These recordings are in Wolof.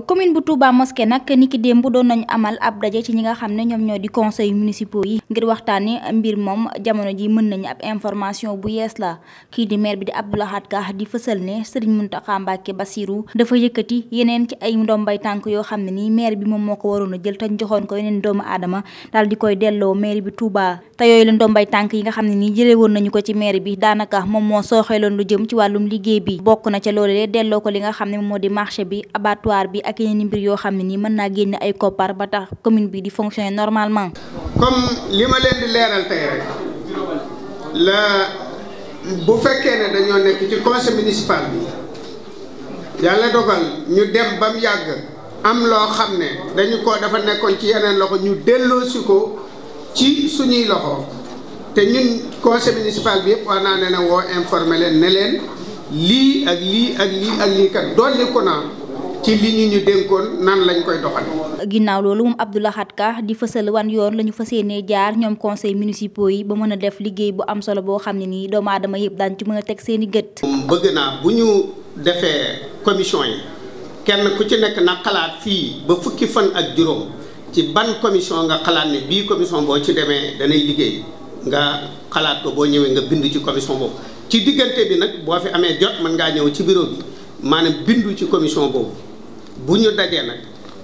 commune bu Touba Mosquée nag niki démb doon nañu amal ab daje ci ñi nga xam ne ñoom ñoo di conseil municipaux yi ngir waxtaanee mbir moom jamono ji mën nañu ab information bu yees la kii di maire bi di Abdou Lahad Ka di fësal ne Serigne Mountakha Mbacké Bassirou dafa yëkkati yeneen ci ay ndombay tànk yoo xam ne nii maire bi moom moo ko waroon a jël te joxoon ko yeneen doomu aadama daal di koy delloo maire bi Touba te yooyu la ndombay tànk yi nga xam ne nii jëlee woon nañu ko ci maire bi daanaka moom moo sooxeeloon lu jëm ci wàllum liggéey bi bokk na ca loolee delloo ko li nga xam ne moo di marché bi abattoir bi yi ak yeneen mbir yoo xam ne nii mën naa génne ay koppar ba tax commune bi di fonctionner normalement. comme li ma leen di leeral tey rek la bu fekkee ne dañoo nekk ci conseil municipal bi yàlla dogal ñu dem ba mu yàgg am loo xam ne dañu ko dafa nekkoon ci yeneen loxo ñu delloosi ko ci suñuy loxo te ñun conseil municipal bi yëpp wax naa ne ne woo informé leen ne leen lii ak lii ak lii ak lii kat dolli ko ci li ñu ñu dénkoon nan lañ koy doxal ginnaaw loolu moom Abdou Lahad Ka di fësal wan yoon la ñu fas yéenee jaar ñoom conseil municipaux yi ba mën a def liggéey bu am solo boo xam ne nii doomu aadama yëpp daan ci mën a teg seen i gët. bëgg naa bu ñu defee commission yi kenn ku ci nekk na xalaat fii ba fukki fan ak juróom ci ban commission nga xalaat ne bii commission boo ci demee danay liggéey nga xalaat ko boo ñëwee nga bindu ci commission ci diggante bi nag boo fi amee jot mën ngaa ñëw ci bureau bi maanaam bindu ci commission boobu. bu ñu dajee nag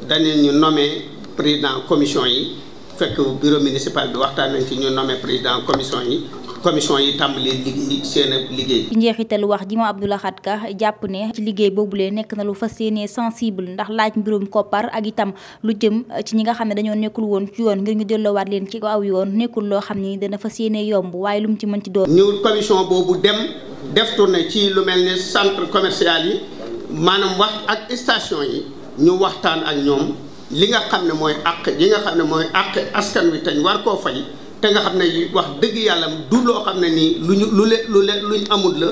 dañu ñu nommer président commission yi fekk bureau municipal bi waxtaan nañ ci ñu nommer président commission yi commission yi tàmbali liggéey liggéey. ci njeexitalu wax ji moom Abdou Lahad Ka jàpp ne ci liggéey boobu boobulee nekk na lu fas yéenee sensible ndax laaj mbirum koppar ak itam lu jëm ci ñi nga xam ne dañoo nekkul woon ci yoon ngir ñu delloowaat leen ci aw yoon nekkul loo xam ni dana fas yéenee yomb waaye lu mu ci mën ci doon. ñu commission boobu dem def tournée ci lu mel ne centre commercial yi. maanaam wax ak station yi ñu waxtaan ak ñoom li nga xam ne mooy àq yi nga xam ne mooy àq askan wi tañ war koo fay te nga xam ne wax dëgg yàlla du loo xam ne nii lu ñu lu le lu le luñ amul la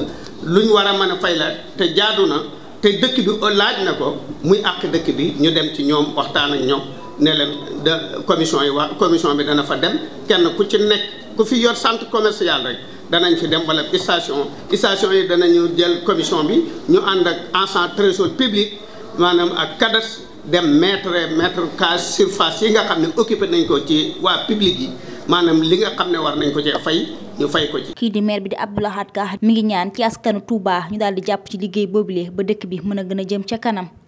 luñ war a mën a fay la te jaadu na te dëkk bi laaj na ko muy àq dëkk bi ñu dem ci ñoom waxtaan ak ñoom ne leen da commission yi wax commission bi dana fa dem kenn ku ci nekk ku fi yor centre commercial rek danañ fi dem wala station station yi danañu jël commission bi ñu ànd ak agent trésor public maanaam ak cadastre dem mètre mètre case surface yi nga xam ne occupé nañ ko ci waa public yi maanaam li nga xam ne war nañ ko ci fay ñu fey ko ci. kii di maire bi di Abdou Lahad Ka mi ngi ñaan ci askanu Touba ñu daal di jàpp ci liggéey boobule ba dëkk bi mën a gën a jëm ca kanam.